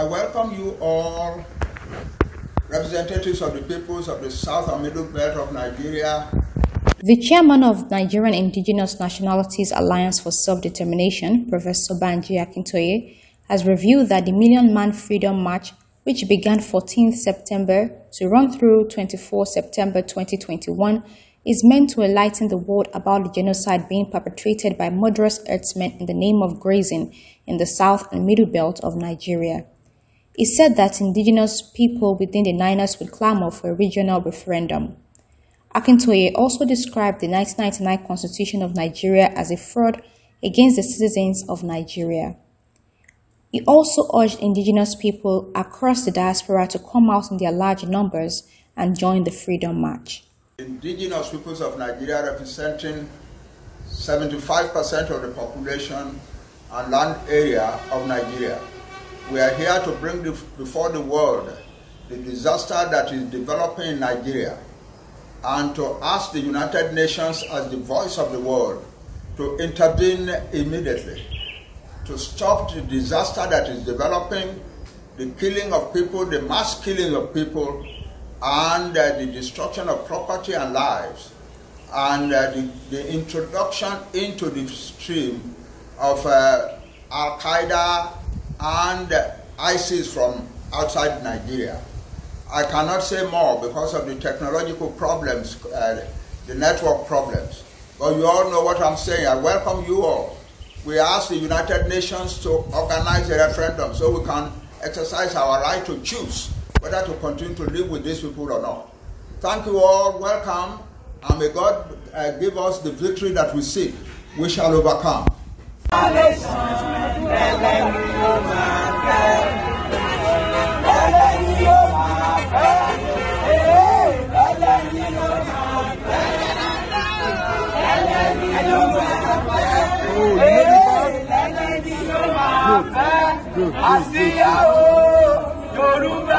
I welcome you all, representatives of the peoples of the South and Middle Belt of Nigeria. The chairman of Nigerian Indigenous Nationalities Alliance for Self-Determination, Professor Banji Akintoye, has revealed that the Million Man Freedom March, which began 14 September to run through 24 September 2021, is meant to enlighten the world about the genocide being perpetrated by murderous herdsmen in the name of grazing in the south and middle belt of Nigeria. He said that indigenous people within the Niners would clamor for a regional referendum. Akintoye also described the 1999 Constitution of Nigeria as a fraud against the citizens of Nigeria. He also urged indigenous people across the diaspora to come out in their large numbers and join the Freedom March. Indigenous peoples of Nigeria representing 75% of the population and land area of Nigeria we are here to bring before the world the disaster that is developing in Nigeria and to ask the United Nations as the voice of the world to intervene immediately to stop the disaster that is developing, the killing of people, the mass killing of people, and uh, the destruction of property and lives, and uh, the, the, introduction into the stream of uh, Al Qaeda and ISIS from outside Nigeria. I cannot say more because of the technological problems, uh, the network problems. But you all know what I'm saying. I welcome you all. We ask the United Nations to organize a referendum so we can exercise our right to choose whether to continue to live with these people or not. Thank you all. Welcome. And may God uh, give us the victory that we seek. We shall overcome. àsíá o yorùbá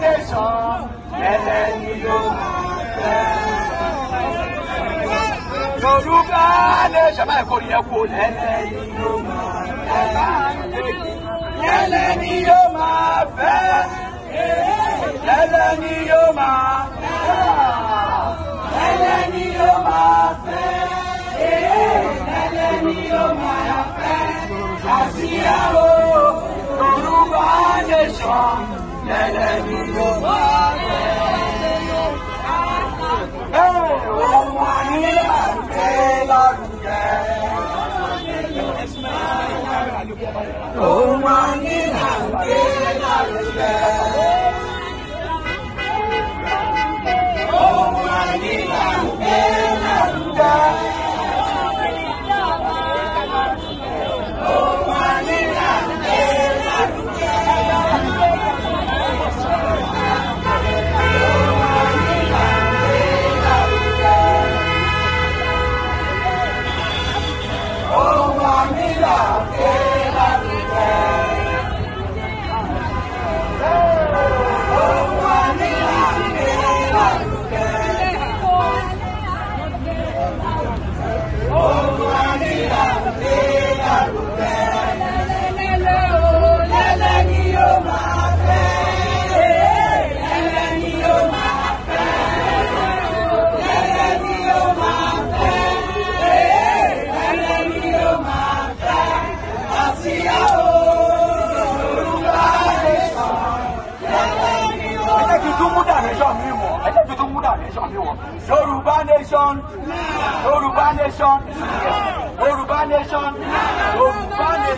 nation ẹlẹ́ni ló máa fẹ́ olùkọ́lẹ̀ ṣẹ̀bá ẹ̀kọ́ ni ẹ kú lẹ́lẹ́ yóò máa fẹ́ ni yóò máa fẹ́ lẹ́lẹ́ ni yóò máa fẹ́. Oh, Mira, nation ni wọ́n. Yorùbá nation. Yorùbá nation. Yorùbá nation. Yorùbá nation.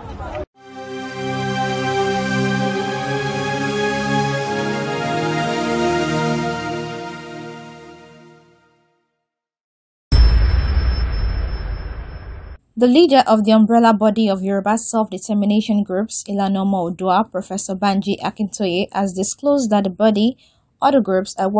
The leader of the umbrella body of Yoruba self-determination groups, Ilanoma Odua, Professor Banji Akintoye, has disclosed that the body other groups are